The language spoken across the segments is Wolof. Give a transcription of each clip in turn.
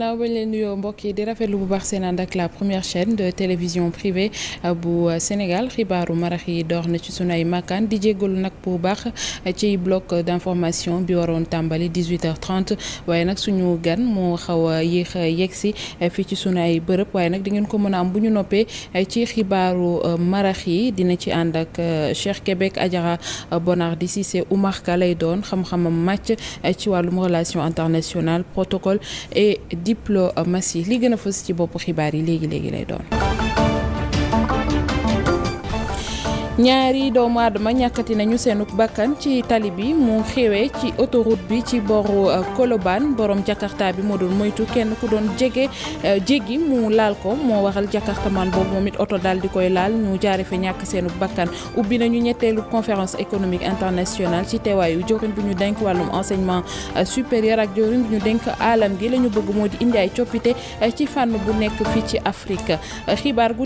gannaaw bañ leen nuyoo mbokk yi di rafetlu bu baax seen ànd ak la première chaîne de télévision privée euh, bu euh, Sénégal xibaaru marax yi door na ci sunu ay makkaan di jéggalu nag bu baax euh, ci bloc d' information bi waroon tàmbali 18h30 waaye nag suñu gan moo xaw a yéex a si fii ci sunu ay bërëb waaye nag di ngeen ko mën a am bu ñu noppee ci xibaaru marax yi dina ci ànd ak Cheikh Québec Adjara Bonardi si Oumar Ka lay doon xam-xamam màcc ci wàllum relation internationale diplomatie li gën a fës ci boppu xibaar yi léegi léegi lay doon. ñaari doomu aadama ñàkkati nañu seenuk bakkan ci tali bi mu xewee ci autoroute bi ci boru euh, Colobane borom jakarta bi moo doon moytu kenn ku doon jege euh, jéggi mu laal ko moo waral jakartaman boobu moom it oto daal di koy laal ñu jaare fe ñàkk seenuk bakkan ubbi nañu ñetteelu conférence économique internationale ci teewaayu jorin bu ñu denk wàllum enseignement euh, supérieur ak jorin bi ñu denk alam gi la ñu bëgg moo di indi ay coppite ci fànn bu nekk fii ci Afrique xibaar gu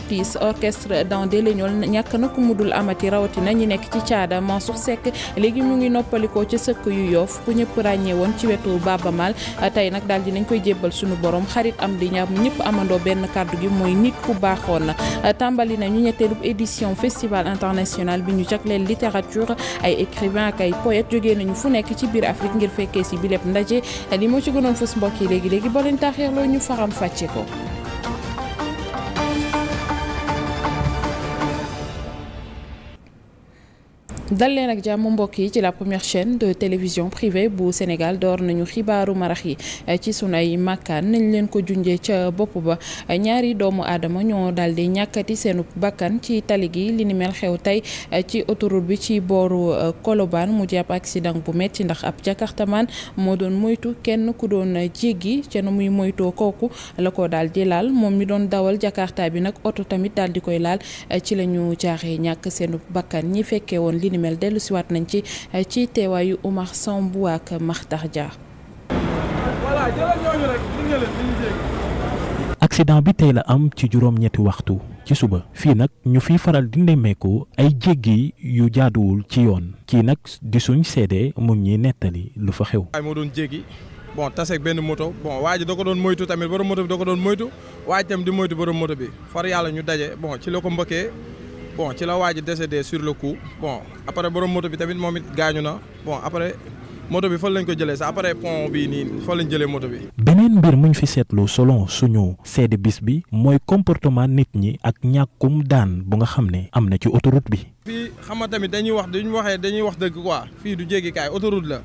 dans des ñàkk na amati rawatina ñi nekk ci caada Mansour Seck léegi mu ngi noppalikoo ca sëkk yu yoof ku ñëpp ràññee woon ci wetu Baba Maal tey nag daal dinañ koy jébbal suñu borom xarit am di ñaam ñëpp amandoo benn kàddu gi mooy nit ku baaxoon na tàmbali nañu ñetteelub édition festival international bi ñu jagleel littérature ay écrivain ak ay poète jógee nañu fu nekk ci biir Afrique ngir fekkee si bi lépp ndaje li moo ci gënoon fës mbokk yi léegi léegi boo leen ñu faram fàcce dal leen ak jàmm mbokk yi ci la première chaîne de télévision privée bu Sénégal door nañu xibaaru marax yi eh, ci sunay màkkaan nañ leen ko junjee ca bopp ba eh, ñaari doomu aadama ñoo daal di ñàkkati seenu bàkkan ci tali gi li ni mel xew tey eh, ci autoroute bi ci booru Colobane mu jàpp accident bu metti ndax ab jakartamaan moo doon moytu kenn ku doon jéggi ca nu muy moytoo kooku la ko daal di laal moom mi doon dawal jakarta bi nag oto tamit daal di koy laal ci lañu ñu mel dellu siwaat nañ ci eh, ci teewaayu Oumar Sambou ak Makhtar Dia. accident bi tey la am ci juróom-ñetti waxtu ci suba fii nag ñu fiy faral di nemmeeku ay jéggi yu jaaduwul ci yoon kii nag di suñ seede mu ñi nettali lu fa xew. waaye moo doon jéggi bon taseeg benn moto bon waa ji da ko doon moytu tamit borom moto bi da ko doon moytu waa ji di moytu borom moto bi far yàlla ñu daje bon ci la ko mbëkkee bon ci la waa ji décédé sur le coup bon après borom moto bi tamit moom it gaañu na bon après moto bi fan lañ ko jëlee sa après pont bii nii fan lañ jëlee moto bi. beneen mbir muñ fi seetlu selon suñu seede bis bi mooy comportement nit ñi ak ñàkkum daan bu nga xam ne am na ci autoroute bi. fii xam nga tamit dañuy wax duñ waxee dañuy wax dëgg quoi fii du jéggi kaay autoroute la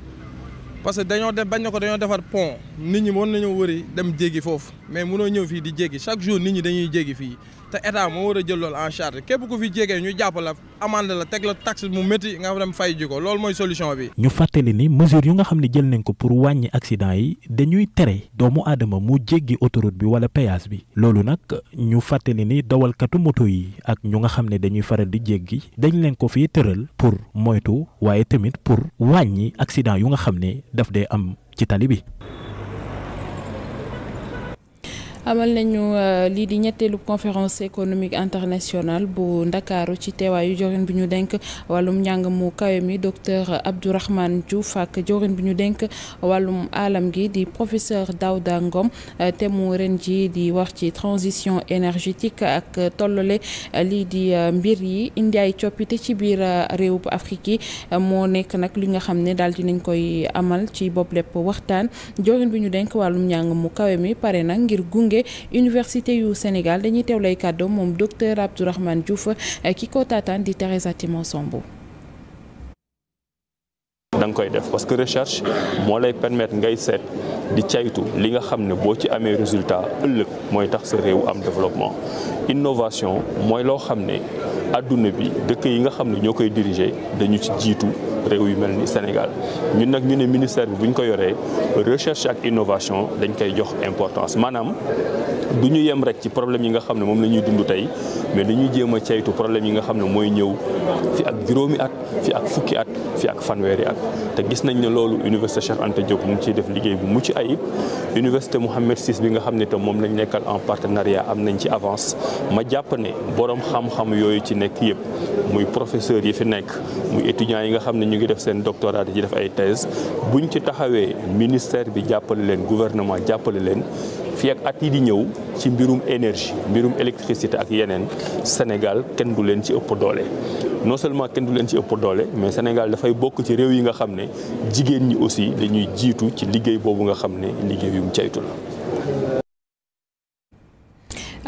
parce que dañoo def bañ na ko dañoo defar pont nit ñi mën nañoo wëri dem jéggi foofu mais mënoo ñëw fii di jéggi chaque jour nit ñi dañuy jéggi fii. te état moo war a jël loolu en charge képp ku fi jege ñu jàpp la amande la teg la taxe mu métti nga dem fay ji ko loolu mooy solution bi. ñu fàttali ni mesure yu nga xam ne jël nañ ko pour wàññi accident yi dañuy tere doomu aadama mu jéggi autoroute bi wala péage bi loolu nag ñu fàttali ni dowalkatu moto yi ak ñu nga xam ne dañuy faral di jéggi dañ leen ko fi tëral pour moytu waaye tamit pour wàññi accident yu nga xam ne daf dee am ci tali bi. amal nañu euh, lii di ñetteelu conférence économique international bu ndakaaru ci teewaayu jorin bi ñu denk wàllum njàng mu kawe mi docteur Abdourahmane Diouf ak jorin bi ñu denk wàllum alam gi di professeur Daouda euh, te mu ren ji di wax ci transition énergétique ak tollale euh, lii di mbir yi indi ay coppite ci biir réew bu moo nekk nag li nga xam ne daal dinañ koy amal ci bopp lépp waxtaan jorin bi ñu denk wàllum njàng mu kawe mi pare nag ngir gunge université yu Sénégal dañuy teew lay kàddu moom docteur Abdourahmane Diouf eh, ki ko tataan di Teresa Timon Sombo da nga koy def parce que recherche moo lay permettre ngay seet di caytu li nga xam ne boo ci amee résultat ëllëg mooy tax sa réew am développement innovation mooy loo xam ne adduna bi dëkk yi nga xam ne ñoo koy diriger dañu ci jiitu réew yu mel ni Sénégal ñun nag ñu ne ministère bi bu ñu ko yoree recherche ak innovation dañ koy jox importance maanaam du ñu yem rek ci problème yi nga xam ne moom la ñuy dund tey mais dañuy jéem a ceytu problème yi nga xam ne mooy ñëw fi ak juróomi at fi ak fukki at fi ak fanweeri at te gis nañ ne loolu université Cheikh Anta Diop mu ngi ciy def liggéey bu mucc ayib université Mohammed VI bi nga xam ne te moom lañ nekkal en partenariat am nañ ci avance ma jàpp ne borom xam-xam yooyu ci nekk yëpp muy professeurs yi fi nekk muy étudiants yi nga xam ne ñu ngi def seen doctorat di ci def ay thèse buñ ci taxawee ministère bi jàppale leen gouvernement jàppale leen fii ak at yi di ñëw ci mbirum énergie mbirum électricité ak yeneen Sénégal kenn du leen ci ëpp doole. non seulement kenn du leen ci ëpp doole mais Sénégal dafay bokk ci réew yi nga xam ne jigéen ñi aussi dañuy jiitu ci liggéey boobu nga xam ne liggéeyum caytu la.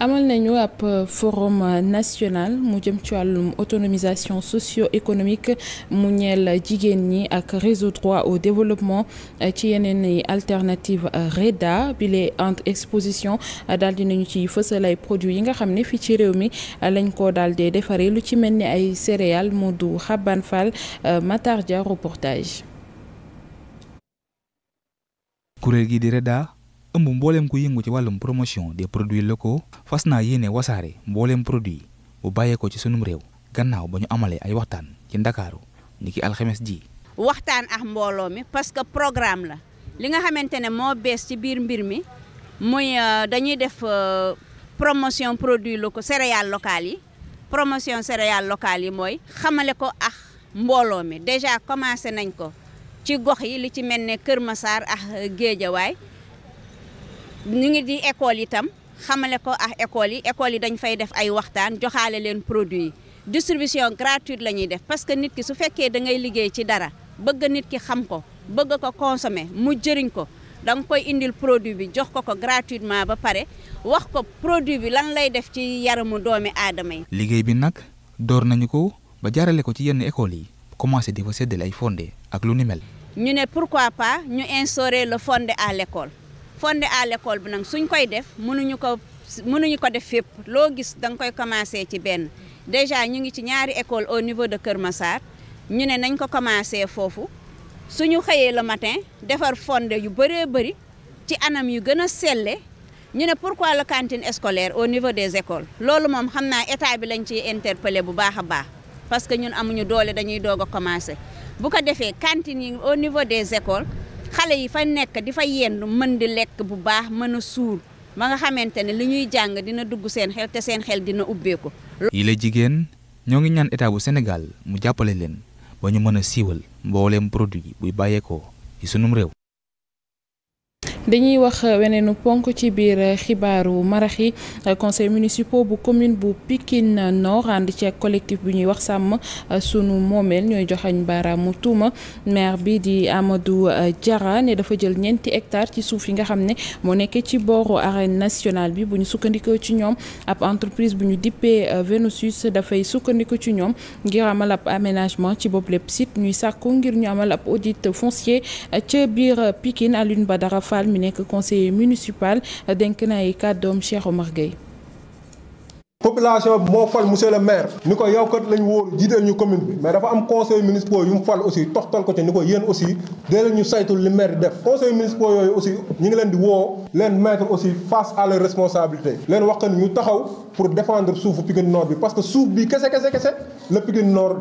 amal nañu ab euh, forum national mu jëm ci wàllum autonomisation socio-économique mu ñeel jigéen ñi ak réseau droit au développement euh, ci yeneen alternative euh, REDA bi les entre exposition daal di nañu ci fësal ay produits yi nga xam ne fii ci réew mi lañ ko daal di defaree lu ci mel ni ay céréales mu du Xaban Fall Matar Dia kuréel gi di ëmb mbooleem ku yëngu ci wàllum promotion des produits ko fas naa yéene wasaare mbooleem produit bu bàyyeekoo ci sunum réew gannaaw ba ñu amalee ay waxtaan ci ndakaaru ni ki alxames ji waxtaan ak mbooloo mi parce que programme la li nga xamante ne moo bees ci biir mbir mi muy euh, dañuy def euh, promotion produits ko céréales locales yi promotion céréales locales yi mooy xamale ko ax mbooloo mi déjà commencé nañ ko ci gox yi li ci mel ne Kër Massar ak Géejawaay ñu ngi di école tam xamale ko ah école yi école yi dañu fay def ay waxtaan joxaale leen produit yi distribution gratuite la ñuy def parce que nit ki su fekkee dangay liggéey ci dara bëgg nit ki xam ko bëgg ko consommer mu jëriñ ko danga koy indil produit bi jox ko ko gratuitement ba pare wax ko produit bi lan lay def ci yaramu doomi aadama yi. liggéey bi nag door nañu ko ba jaarale ko ci yenn école yi commencé di fa séddale ay fonde ak lu ni mel. ñu fonde à l'école fonde à l'école bi nag suñ koy def mënuñu ko mënuñu ko def fépp loo gis da nga koy commencé ci benn déjà ñu ngi ci ñaari école au niveau de Kër Massar ñu ne nañ ko commencé foofu suñu xëyee la matin defar fonde yu bëree bëri ci anam yu gën a selle ñu ne pourquoi la cantine scolaire au niveau des écoles loolu moom xam naa état bi lañ ciy interpellé bu baax a baax parce que ñun amuñu doole dañuy doog a commencé bu ko defee cantine yi au niveau des écoles xale yi fa nekk dafa fa yendu mën di lekk bu baax mën a suur ba nga xamante ne li ñuy jàng dina dugg seen xel te seen xel dina ubbeeku. yi la jigéen ñoo ngi ñaan état bu Sénégal mu jàppale leen ba ñu mën a siiwal mbooleem produit buy bàyyeekoo ci sunum réew. dañuy wax euh, weneenu ponk ci biir euh, xibaaru maraxi euh, conseil municipal bu commune bu pikin Nord ànd ci ak collectif bu ñuy wax sàmm sunu moomeel ñooy joxañ baaraamu tuuma maire bi di Amadou Diarra ne dafa jël ñeenti hectare ci suuf yi nga xam ne moo nekkee ci booru arène nationale bi bu ñu sukkandikoo ci ñoom ab entreprise bu ñu dippee Venusus dafay sukkandiku ci ñoom ngir amal ab aménagement ci bopp lépp site ñuy sàkku ngir ñu amal ab audit foncier ca biir Pikine mi nekk conseiller municipal dénk na ay kàddoom Cheikh Omar Gueye. population bi moo fal monsieur le maire ni ko yow kat lañ wóoru jiiteel ñu commune bi mais dafa am conseil municipal yu mu fal aussi toxtal ko ci ni ko yéen aussi dee leen ñu saytul li maire di def conseil municipal yooyu aussi ñu ngi leen di woo leen mettre aussi face à leurs responsabilités leen wax que ni ñu taxaw pour défendre suufu Pikine Nord bi parce que suuf bi kese kese kese la Pikine Nord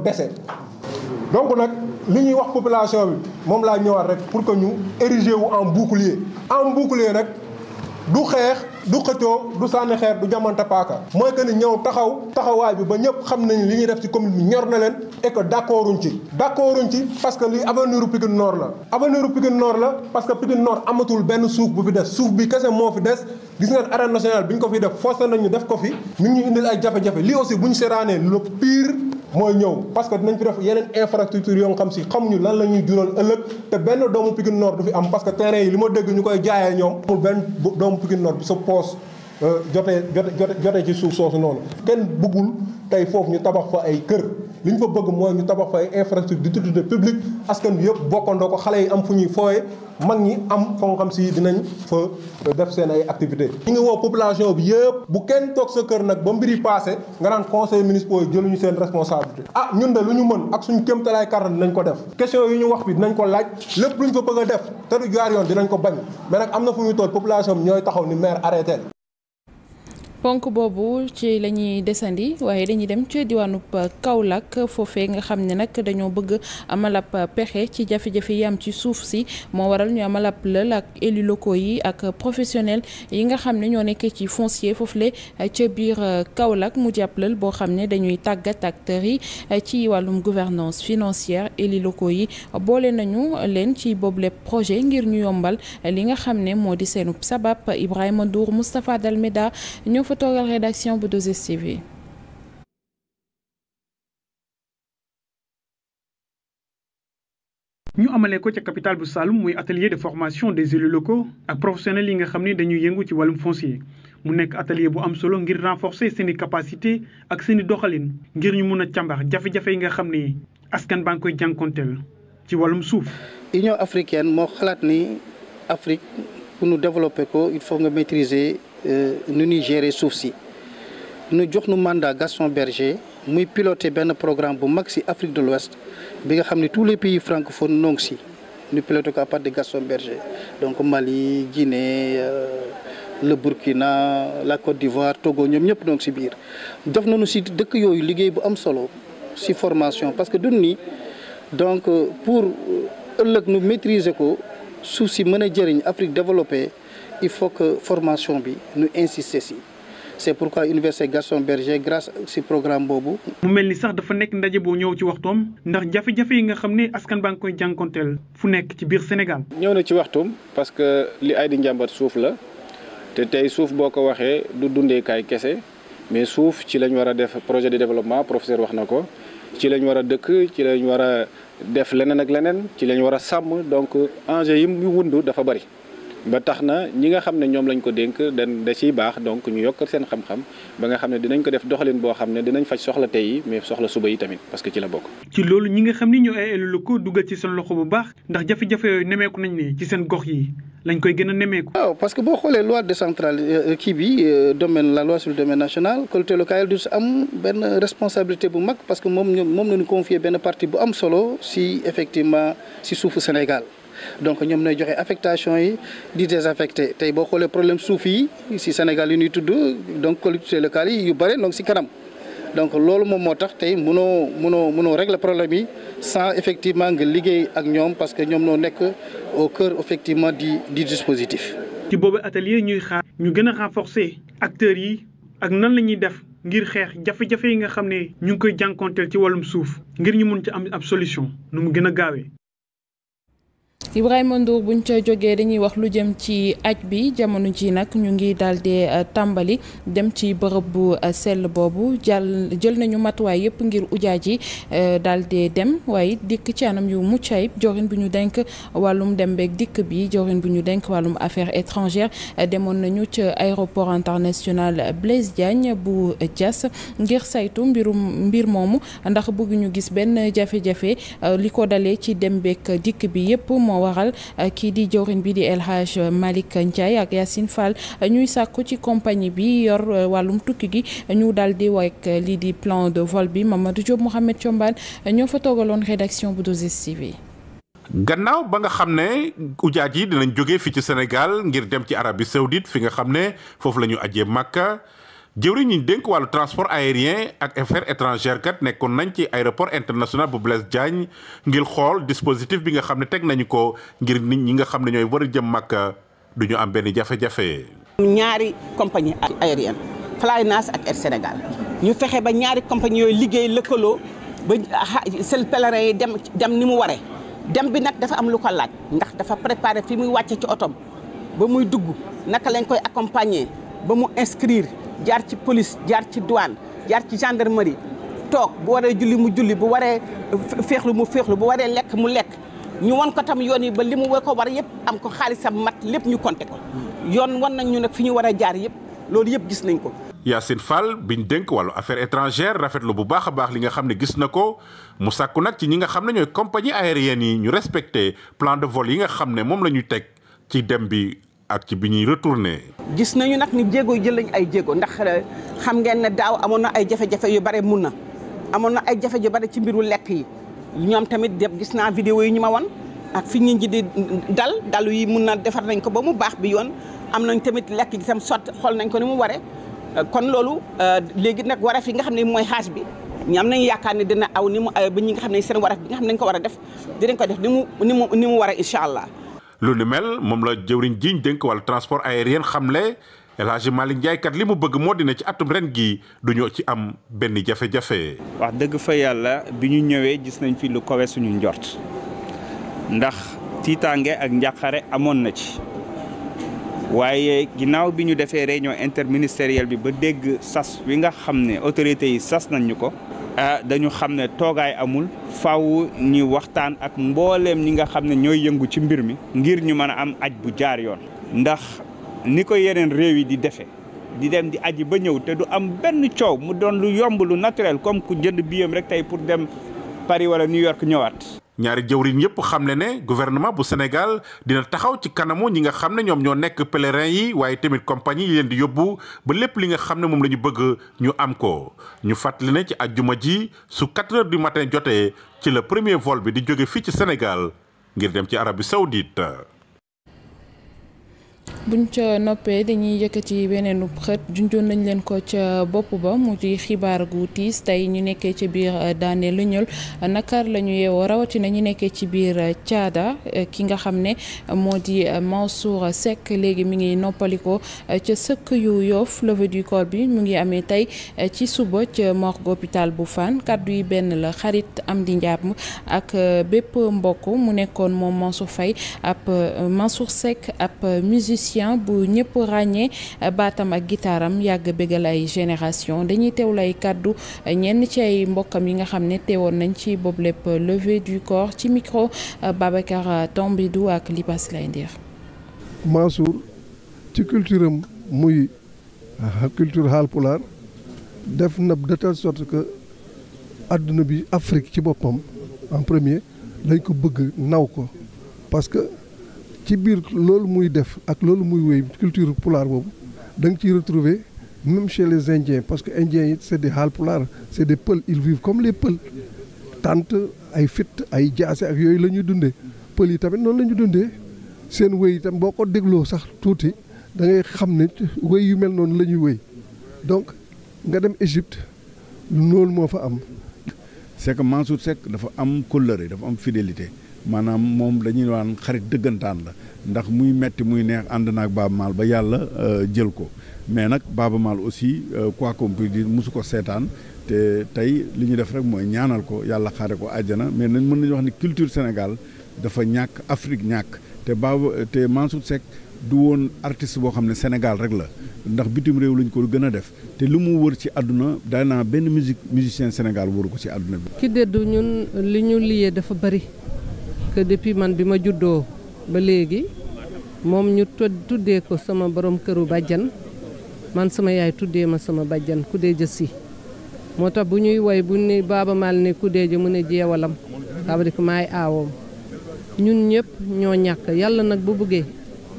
donc nag li ñuy wax population bi moom laa ñëwaat rek pour que ñu ériger wu en bouclier. en bouclier rek du xeex du xëccoo du sànni xeer du jamante paaka. mooy que ni ñëw taxaw taxawaay bi ba ñëpp xam nañu li ñuy def ci commune bi ñor na leen et que d' ci. d' accorduñ ci parce que lii avenir u Pikine Nord la. avenir u Pikine Nord la parce que Pikine Nord amatul benn suuf bu fi des suuf bi kese moo fi des. gis ngeen arène nationale bi ñu ko fi def forcé nañu def ko fi. ñu ñu indil ay jafe lii aussi bu ñu seeraanee mooy ñëw parce que dinañ fi def yeneen infrastructure yoo xam si xamuñu lan lañuy ñuy jural ëllëg te benn doomu Pikine du fi am parce que terrain yi li ma dégg ñu koy jaayee ñoom amul benn doomu Pikine Nord bi sa poos euh, jotee jote jote jotee ci suuf soosu noonu kenn bëggul tey foofu ñu tabax fa ay kër li ñu fa bëgg mooy ñu tabax fay infrastructure d'utilité publique askan bi yëpp bokkandoo ko xale yi am fu ñuy fooye mag ñi am fa nga xam si dinañ fa def seen ay activité ñi ngi woo population bi yëpp bu kenn toog sa kër nag ba mbiri passé nga naan conseil municipal yi jëluñu seen responsabilité ah ñun de lu ñu mën ak suñu kéemtalaay kàttan dinañ ko def question yi ñu wax bi dinañ ko laaj lépp lu ñu fa bëgg a def te du jaar yoon dinañ ko bañ mais nag am na fu ñu toll population bi ñooy taxaw ni maire arrêté ponk boobu ci la ñuy desandi waaye dañuy dem ci diwaanub Kaolack foofee nga xam ne nag dañoo bëgg amalab pexe ci jafe-jafe yi ci suuf si moo waral ñu amalab lël ak élus locaux yi ak professionnel yi nga xam ne ñoo nekk ci foncier foofule ca biir euh, Kaolack mu jàpp lël boo xam ne dañuy tàggat acteurs yi euh, ci wàllum gouvernance financière élus locaux yi boole nañu leen ci boobule projet ngir ñu yombal li nga xam ne moo di seenub sabab Ibrahima Ndour Moustapha fa toogal rédaction bu 2STV yi ñu amale ko ca capital bu Saloum muy atelier de formation des élus locaux ak professionnels yi nga xam ne dañuy yëngu ci wàllum foncier mu nekk atelier bu am solo ngir renforcer seeni capacité ak seeni doxalin ngir ñu mun a càmbar jafe-jafe yi nga xam ne askan baa ngi koy jànkonteel ci wàllum suuf. Union africaine moo xalaat ni Afrique pour nous développer ko il faut nga maîtriser. Euh, nu ñuy gérer suuf si nu jox nu mandat Gaston Berger muy piloter benn programme bu mag si Afrique de l'Ouest bi nga xam ne tous les pays francophones noo ngi si ñu piloter ko à part de Gaston Berger donc Mali Guinée euh, le Burkina la Côte d'Ivoire Togo ñoom ñëpp noo si biir. def nu si dëkk yooyu liggéey bu am solo si formation parce que dun ni donc euh, pour ëllëg nu maîtriser ko suuf si mën a jëriñ Afrique développée. il faut que formation bi ñu insister si c'est pourquoi Université Gaston Berger grâce si programme boobu. mu mel ni sax dafa nekk ndaje boo ñëw ci waxtoom ndax jafe-jafe yi nga xam ne askan baa ngi koy jànkonteel fu nekk ci biir Sénégal. ñëw na ci waxtoom parce que li ay di njàmbat suuf la te tey suuf boo ko waxee du dundeekaay kese mais suuf ci lañ war a def projet de développement professeur wax na ko ci lañ war a dëkk ci lañ war a def leneen ak leneen ci lañ war a sàmm donc enjeu yi mu wundu dafa bari. ba tax na ñi nga xam ne ñoom lañ ko dénk dañ da baax donc ñu yokk seen xam-xam ba nga xam ne dinañ ko def doxalin boo xam ne dinañ faj soxla tey yi mais soxla suba yi tamit parce que ci la bokk. ci loolu ñi nga xam ni ñoo ay élus locaux dugal ci seen loxo bu baax ndax jafe-jafe yooyu nemeeku nañ seen gox yi. lañ koy gën a nemmeeku. parce que boo xoolee loi décentralisée euh, kii bi euh, domaine la loi sur le domaine national collectivité locale du am benn responsabilité bu mag parce que moom moom la ñu confier benn partie bu am solo si effectivement si suufu Sénégal. donc ñoom ñooy joxe affectation yi di désaffecté tey boo xoolee problème suuf yi si Sénégal yu ñuy tudd donc collectivités locales yi yu bëri donc si kanam donc loolu moom moo tax tey mënoo mënoo mënoo régler problème yi sans effectivement nga liggéey ak ñoom parce que ñoom ñoo nekk o cœur effectivement di di dispositif. ci boobu atelier ñuy xaar ñu gën a renforcer acteurs yi ak nan la ñuy def ngir xeex jafe-jafe yi nga xam ne ñu ngi koy jànkonteel ci wàllum suuf ngir ñu mun ci am ab solution nu mu gën a gaawee. Ibrahima bu buñ ca jógee dañuy wax lu jëm ci aj bi jamono ji nag ñu ngi daal di eh, tàmbali dem ci bërëb bu eh, sell boobu jàll jël nañu matuwaay yëpp ngir ujaaj yi eh, daal di dem waaye dikk ci anam yu mucc ayib jorin bu ñu denk wàllum dem beeg dikk bi jorin bu ñu denk wàllum affaire étrangères demoon nañu ca aéroport international Blaise Diagne bu Diass ngir saytu mbirum mbir moomu ndax bëgguñu gis benn jafe-jafe li ko dalee ci dem beeg dikk bi yëpp moo waral euh, kii di jawriñ bi di El Hadj Malick Ndiaye ak Yacine Fall euh, ñuy sàkku ci compagnie bi yor euh, wàllum tukki gi ñu dal di wekk lii di plan de vol bi Mamadou Diop Mouhamed Thiombane ñoo fa toogaloon rédaction bu 2STV. gannaaw ba nga xam ne ujaaj yi dinañ jógee fi ci Sénégal ngir dem ci Arabie Saoudite fi nga xam ne foofu la ñu ajee Makka. jëwriñ ñu dénk wàllu transport aérien ak affaires étrangères kat nekkoon nañ ci aéroport international bu Blaise Diagne ngir xool dispositif bi nga xam ne teg nañu ko ngir nit ñi nga xam ne ñooy war a jëm Makka du ñu am benn jafe-jafe. ñaari compagnie aérien Flynas ak Air Sénégal ñu fexe ba ñaari compagnie yooyu liggéey lëkkaloo ba sel pèlerin yi dem dem ni mu waree dem bi nag dafa am lu ko laaj ndax dafa préparé fi muy wàcce ci otom ba muy dugg naka lañ koy accompagner ba mu inscrire. jaar ci police jaar ci douane jaar ci gendarmerie toog bu waree julli mu julli bu waree féexlu mu féexlu bu waree lekk mu lekk ñu won ko tam yoon yi ba li mu ko war yëpp am ko xaalisam mat lépp ñu konte ko yoon wan nañ ñu nag fi ñu war a jaar yëpp loolu yëpp gis nañ ko. Yacine bi ñu dénk wàllu affaire étrangère rafetlu bu baax a baax li nga xam ne gis na ko mu sàkku nag ci ñi nga xam ne ñooy compagnie aérienne yi ñu respecté plan de vole yi nga xam ne moom la ñuy teg ci dem bi. ak ci bi ñuy retourné. gis nañu nag ni jéego jël nañ ay jéego ndax euh, xam ngeen ne daaw amoon na ay jafe-jafe yu bare mun na amoon na ay jafe-jafe yu bare ci mbiru lekk yi ñoom tamit dem gis naa vidéo yi ñu ma wan ak fi ñu ji di dal dalu yi mun na defar nañ ko ba mu baax bi yoon am nañ tamit lekk yi sam sotti xool nañ ko ni mu waree kon loolu euh, léegi nag waraf fi nga xam ne mooy xaaj bi. ñam nañ yaakaar ne dina aw ni mu euh, ba ñi nga xam ne seen waraf bi nga xam ne ko war a def dinañ ko def ni mu ni mu ni mu war incha allah. lu ni mel moom la jëwriñ jiñ jénk wala transport aérien xamle El Hadji Malick Ndiaye kat li mu bëgg moo dina ci atum ren gi du ñu ci am benn jafe-jafe. wax dëgg fa yàlla bi ñu ñëwee gis nañ fi lu kowe suñu njort ndax tiitaange ak njàqare amoon na ci waaye ginnaaw bi ñu defee réunion interministérielle bi ba dégg sas wi nga xam ne autorités yi sas nañ ñu ko. Ah, dañu xam ne toogaay amul faw ñu waxtaan ak mbooleem ñi nga xam ne ñooy yëngu ci mbir mi ngir ñu mën a am aj bu jaar yoon ndax ni ko yeneen réew yi di defee di dem di aji ba ñëw te du am benn coow mu doon lu yomb lu naturel comme ku jënd biyam rek tey pour dem Paris wala New York ñëwaat ñaari jëwriñ yëpp xam le ne gouvernement bu Sénégal dina taxaw ci kanamu ñi nga xam ne ñoom ñoo nekk pèlerin yi waaye tamit compagnie yi leen di yóbbu ba lépp li nga xam ne moom la ñu bëgg ñu am ko ñu fàttali ne ci ajjuma ji su 4 heures du matin jotee ci la premier vol bi di jóge fii ci Sénégal ngir dem ci Arabie Saoudite buñ ca noppee dañuy yëkkati beneen xët junjoon nañ leen ko ca bopp ba mu di xibaar gu tiis tey ñu nekkee ca biir euh, daane lu ñuul nakar la ñu yeewoo rawatina ñu nekkee ci biir caada euh, euh, ki nga xam ne moo di Mansour sekk léegi mi ngi noppalikoo ca sëkk yu yoof levée du corps bi mu ngi amee tey ci suba ca morgue hôpital bu Fann kàddu yi benn la xarit am di njaam ak bépp mbokk mu nekkoon moom Mansour Faye ab Mansour Seck ab musicien musicien bu ñëpp ràññee eh, baatam ak gitaaram yàgg bëgga ay génération dañuy teew lay kàddu eh, ñenn ci ay mbokkam yi nga xam ne teewoon nañ ci boobu lépp eh, levée du corps ci micro Babacar Tombidou ak Lipas lay ndir Mansour ci culture muy ah, culture haalpulaar def na de telle sorte àdduna bi Afrique ci boppam en premier dañ ko bëgg naw ko ci biir loolu muy def ak loolu muy wéy culture pulaar boobu da nga ciy retrouver même chez les indiens parce que indiens yi c' est des haalpulaar c' des pël ils vivent comme les pël tant ay fit ay jaase ak yooyu la ñuy dundee pël yi tamit noonu lañuy ñuy dundee seen wéy itam boo ko dégloo sax tuuti da ngay xam ne wéy yu mel noonu la ñuy wéy donc nga dem Égypte loolu moo fa am. c' est que Mansour Seck dafa am kóllëre dafa am fidélité. maanaam moom dañuy waan xarit dëggantaan la ndax muy metti muy neex ànd ak Baaba Maal ba yàlla euh, jël ko mais nag Baaba Maal aussi euh, quoi qu'on puisse mosu ko seetaan te tey li ñu def rek mooy ñaanal ko yàlla xaare ko àjjana mais nañ mën nañu wax ni culture Sénégal dafa ñàkk Afrique ñàkk te Baaba te Mansour Seck du woon artiste boo xam ne Sénégal rek la ndax bitim réew lañ ko gën a def te li mu wër ci àdduna daanaa benn musique musicien Sénégal wëru ko ci àdduna bi. ki que depuis man bi ma juddoo ba léegi moom ñu tuddee ko sama boroom këru bàjjan man sama yaay tuddee ma sama bàjjan Kudeeja Si moo tax bu ñuy woy bu ne Baaba Maal ne Kudeeja mu ne jeewalam ça veut dire que aawoom ñun ñëpp ñoo ñàkk yàlla nag bu bëggee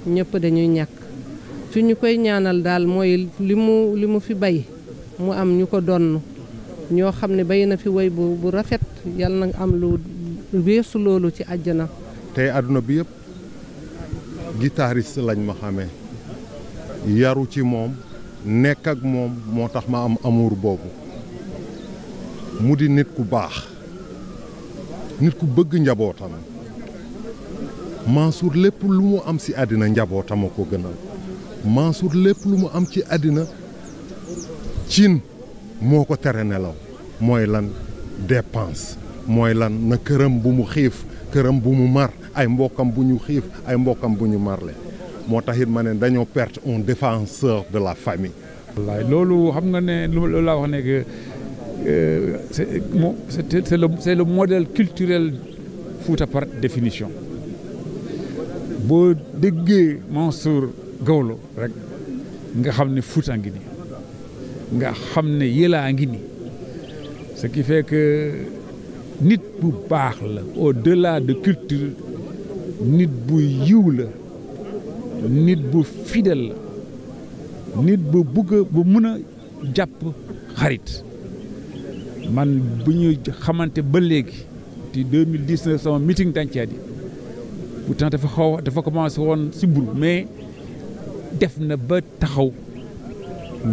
ñëpp dañuy ñàkk fi ñu koy ñaanal daal mooy li mu li mu fi bay mu am ñu ko donn ñoo xam ne bay na fi woy bu bu rafet yàlla na am lu su loolu ci àjjana tey àdduna bi yëpp guitariste lañ ma xamee yaru ci moom nekk ak moom moo tax ma am amur boobu mu di nit ku baax nit ku bëgg njabootam Mansour lépp lu mu am ci àddina njabootam a ko gënal Mansour lépp lu mu am ci àddina cin moo ko tere nelaw mooy lan dépense mooy lan na këram bu mu xiif këram bu mu mar ay mbokkam bu ñu xiif ay mbokkam bu ñu marle moo tax it ma ne dañoo perte un défenseur de la famille. wallaay loolu xam nga ne loolu laa wax ne que euh, c'est le c'est le modèle culturel par définition boo déggee Mansour Gawlo rek nga xam ne Fouta ngi nii nga xam ne yëlaa ngi nii ce qui fait que. nit bu baax la au-delà de culture nit buy yiw la nit bu fidel la nit bu bugg bu mën a jàpp xarit man bu ñu xamante ba léegi ci 2019 sama meeting dancaa yi pourtant dafa xaw dafa commencé woon si bul mais def na ba taxaw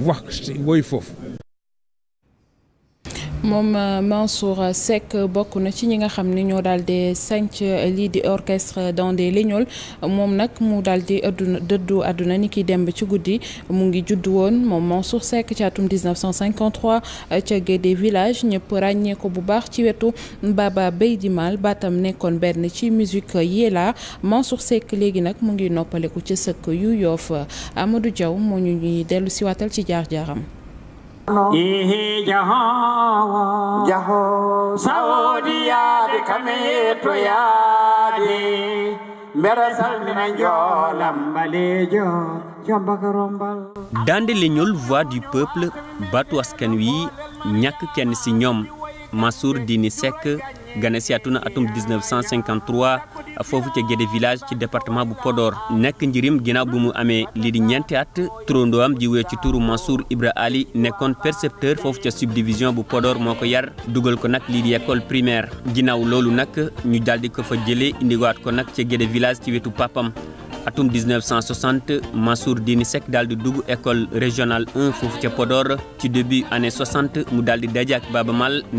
wax woy foofu moom euh, Mansour Seck bokk na ci ñi nga xam ni ñoo daal di sanc euh, lii di orchestre dans des Lignoles moom nag mu daal di adduna dëddu àdduna ni kiy demb ci guddi mu ngi judd woon moom Mansour Seck ci atum 1953 euh, ca Guédé village ñëpp ràññee ko bu baax ci wetu Baba Beydi Mal baatam nekkoon benn ci musique Yela Mansour Seck léegi nag mu ngi noppaleku ca sëkk yu yoof Amadou jaw moo ñu ñuy dellu siwaatal ci jaar-jaaram ihe jaho jaho sawdiyade du peuple batu askan wi ñàkk kenn ci ñoom Mansour Dini Seck gane si atum 1953 foofu ca Guédé village ci département bu podoor nekk njirim ginnaaw bu mu amee lii di ñeenti at turandoom ji wee ci turu Mansour Ibra Ali nekkoon percepteur foofu ca subdivision bu Podor moo ko yar dugal ko nag lii di école primaire ginnaaw loolu nag ñu daldi ko fa jëlee indiwaat ko nag ca Guédé village ci wetu papam atum 1960 Mansour Dini Seck daal di dugg école régionale 1 foofu ca Podor ci début année 60 mu daal daje ak Baba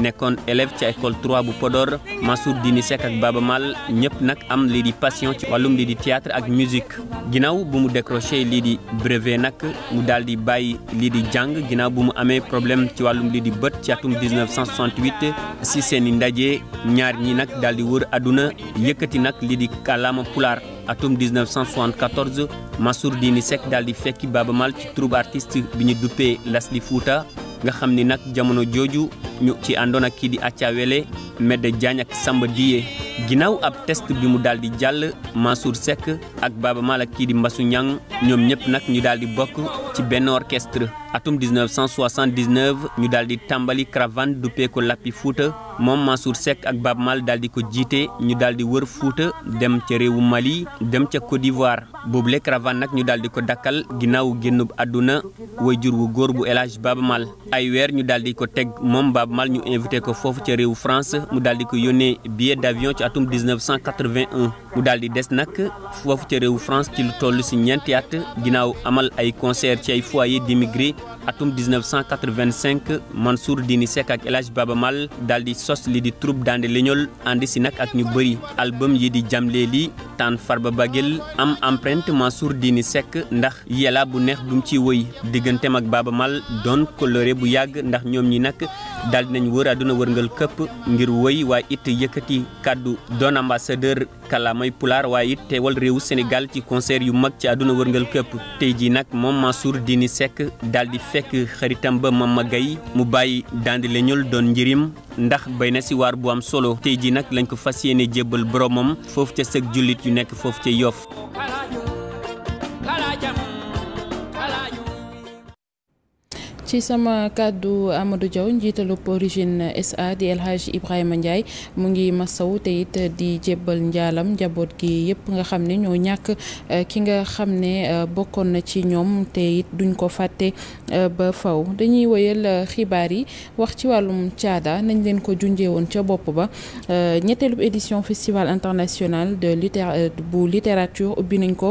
nekkoon élève ca école 3 bu Podor Mansour Dini ak Baba Maal ñëpp am lii di passion ci wàllum lii di théâtre ak musique ginnaaw bu mu décroché lii di brevet nag mu daal bay li di jàng ginnaaw bu mu amee problème ci wàllum lii di bët ci atum 1968 si seen i ndaje ñaar ñi nag daal wër àdduna yëkkati nag lii di kàllaama pulaar atum masur diini Seck daal di fekki Baaba Maal ci troupe artiste bi ñu duppee las Lasli Fouta nga xam ni nag jamono jooju ñu ci àndoon a kii di Acha Wele Medda Diagne ak Samba Dié ginnaaw ab test bi mu daal di jàll Mansour Seck ak Baaba Maal ak kii di Mbasu Ñang ñoom ñëpp nag ñu daal di bokk ci benn orchestre atum 1979 ñu daal di tàmbali caravane duppee ko lappi Fuuta moom Mansour Seck ak Baaba Maal daal di ko jiite ñu daal di wër Fuuta dem ca réewu Mali dem ca Côte d'Ivoire boobule caravane nag ñu daal di ko dakkal ginnaaw génnub àdduna wayjur wu góor bu El Hadj Baaba ay weer ñu daal di ko teg moom Baaba Maal ñu invité ko foofu ca réew France mu daal di ko yónnee billet d'avion ci atum 1981 mu daal di des nag foofu ca réewu France ci lu toll si ñeenti at ginnaaw amal ay concert ci ay foyer atum 1985 Mansour Dini Seck ak El Hadj Baba Mal daal di sos li di troupe Dande leñool indi si nag ak ñu bëri album yi di Jamleeli taan ba Bagel am empreinte Mansour diini Seck ndax yàlla bu neex dum ci wëy digganteem ak Baba Mal doon coloré bu yàgg ndax ñoom ñi nag daal dinañ wër àdduna wërngal këpp ngir wëy waaye it yëkkati kàddu doon ambassadeur kalaamay pulaar waaye it teewal réewu senegal ci concert yu mag ci adduna wërngal këpp tey jii nag moom Mansour Dini sekk daal di fekk xaritam ba Mama Gaye mu bàyyi dandi leñul doon njërim ndax béy na si waar bu am solo tey jii nag lañ ko fas yéene jébbal boromam foofu ca sëg jullit yu nekk foofu ca yoof ci sama kàddu Amadou Diaw njiitalub origine SA di El Hadj Ibrahima Ndiaye mu ngi masaw te it di jébbal njaalam njaboot gi yëpp nga xam ne ñoo ñàkk euh, ki nga xam ne euh, bokkoon na ci ñoom te it duñ ko fàtte euh, ba faw dañuy woyal xibaar yi wax ci wàllum caada nañ leen ko junjee woon ca bopp ba ñetteelub édition festival international de bu littérature ubbi nañ ko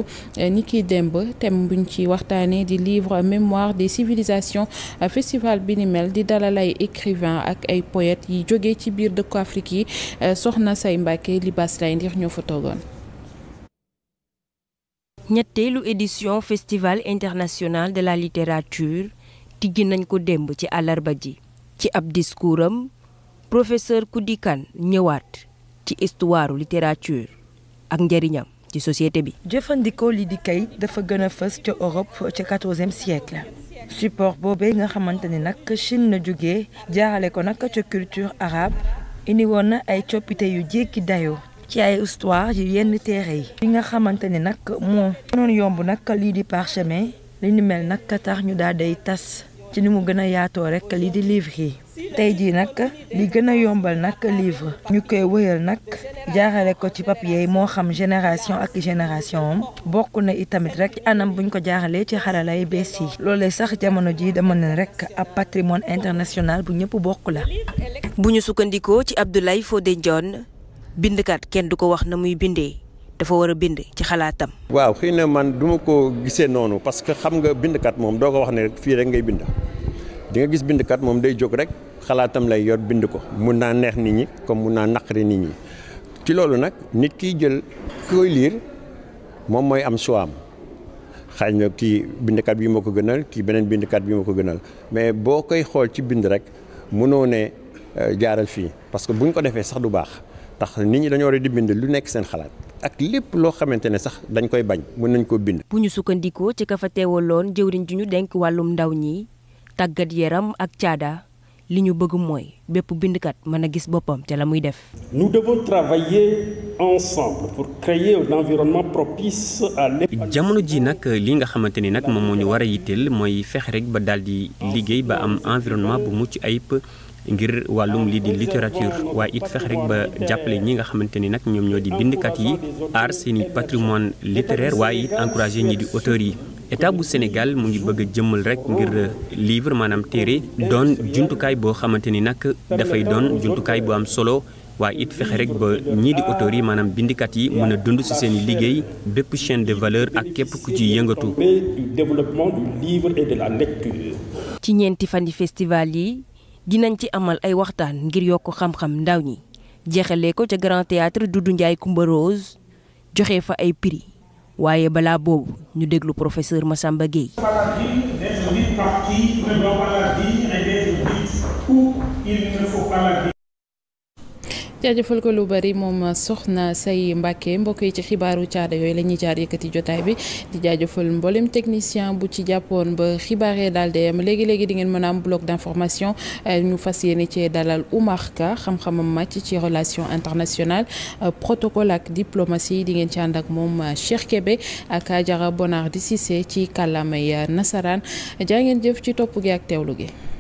ni ki démb thème buñ ci waxtaanee di livre mémoire des civilisations festival bi ni mel di dalal ay écrivain ak ay poète yi jógee ci biir dëkku Afrique yi eh, soxna say Mbàkke libaas lay ndir ñoo fa toogoon ñetteelu édition festival international de la littérature tijji nañ ko démb ci àllarba ji ci ab discours am professeur ñëwaat ci histoire littérature ak njëriñam ci société bi jëfandikoo li di kayit dafa gën a fës ca Europe ca 14e siècle support boobee nga xamante ni nag Chine na jógee jaarale ko nag ca culture arabe indi na ay coppite yu jékki dayoo ci ay histoire yu yenn téere yi. yi nga xamante ni nag moo noonu yomb nag lii di parchemin li ni mel nag tax ñu daal day tas ci ni mu gën a yaatoo rek lii di livre yi. tey jii nag li gën a yombal nag livre ñu koy wëyal nag jaarale ko ci papier yi moo xam génération ak génération am bokk na itamit rek ci anam buñ ko jaaralee ci xarala yu bees yi loolee sax jamono ji dama ne rek ab patrimoine international bu ñëpp bokk la. bu ñu sukkandikoo ci Abdoulaye Fodé Ndione bindkat kenn du ko wax na muy bindee dafa war a bind ci xalaatam. waaw xëy na man du ma ko gisee noonu parce que xam nga bindkat moom doo ko wax ne fii rek ngay bind di nga gis bindkat moom day jóg rek. xalaatam lay yor bind ko mun naa neex nit ñi comme mun naa naqari nit ñi ci loolu nag nit kiy jël koy liir moom mooy am choix am xaaj na kii bindkat bi moo ko gënal kii beneen bindkat bi moo ko gënal mais boo koy xool ci bind rek mënoo ne euh, jaaral fii parce que buñ ko defee sax du baax tax nit ñi dañoo war di bind lu nekk seen xalaat ak lépp loo xamante ne sax dañ koy bañ mën nañ koo bind. bu ñu sukkandikoo ci ka fa teewaloon jëwriñ ju ñu denk wàllum ndaw ñi tàggat yaram ak caada. li ñu bëgg mooy bépp bindkat mën a gis boppam ca la muy def. jamono ji nag li nga xamante ni nag moom moo ñu war a yitteel mooy fexe rek ba daal di liggéey ba am environnement bu mucc ayib. ngir wàllum lii di littérature waaye it fex rek ba jàppale ñi nga xamante ni nag ñoom ñoo di bindkat yi aar seeni patrimoine littéraire waaye it encouragé ñi di auteurs yi état bu Sénégal mu ngi bëgg a jëmmal rek ngir euh, livre maanaam téere doon jumtukaay boo xamante ni nag dafay doon jumtukaay bu am solo waaye it fexe rek ba ñii di auteurs maanaam bindikat yi mën dund ci seen liggéey bépp chaîne de valeur ak képp ku ci yëngatu. développement du livre et ci ñeenti fan yi festival yi dinañ ci amal ay waxtaan ngir yokk xam-xam ndaw ñi jeexalee ko ca Grand Théâtre Doudou Ndiaye Coumba Rose joxe fa ay prix. waaye balaa boobu ñu déglu professeur Massamba Gueye. jaajëfal ko lu bari moom soxna say Mbàkke mbokk yi ci xibaaru caada yooyu la ñuy jaar yëkkati jotaay bi di jaajëfal mboolem technicien bu ci jàppoon ba xibaaree daal di am léegi léegi di ngeen mën a am bloc d'information eh, ñu fas yéene ci dalal Oumar Ka xam-xamam màcc ci relation internationale eh, protocole ak diplomatie di ngeen ci ànd ak moom eh, Cheikh Kébé ak Ajara Bonardi Cissé ci kàllaamay nasaraan jaa ngeen jëf ci topp gi ak teewlu gi.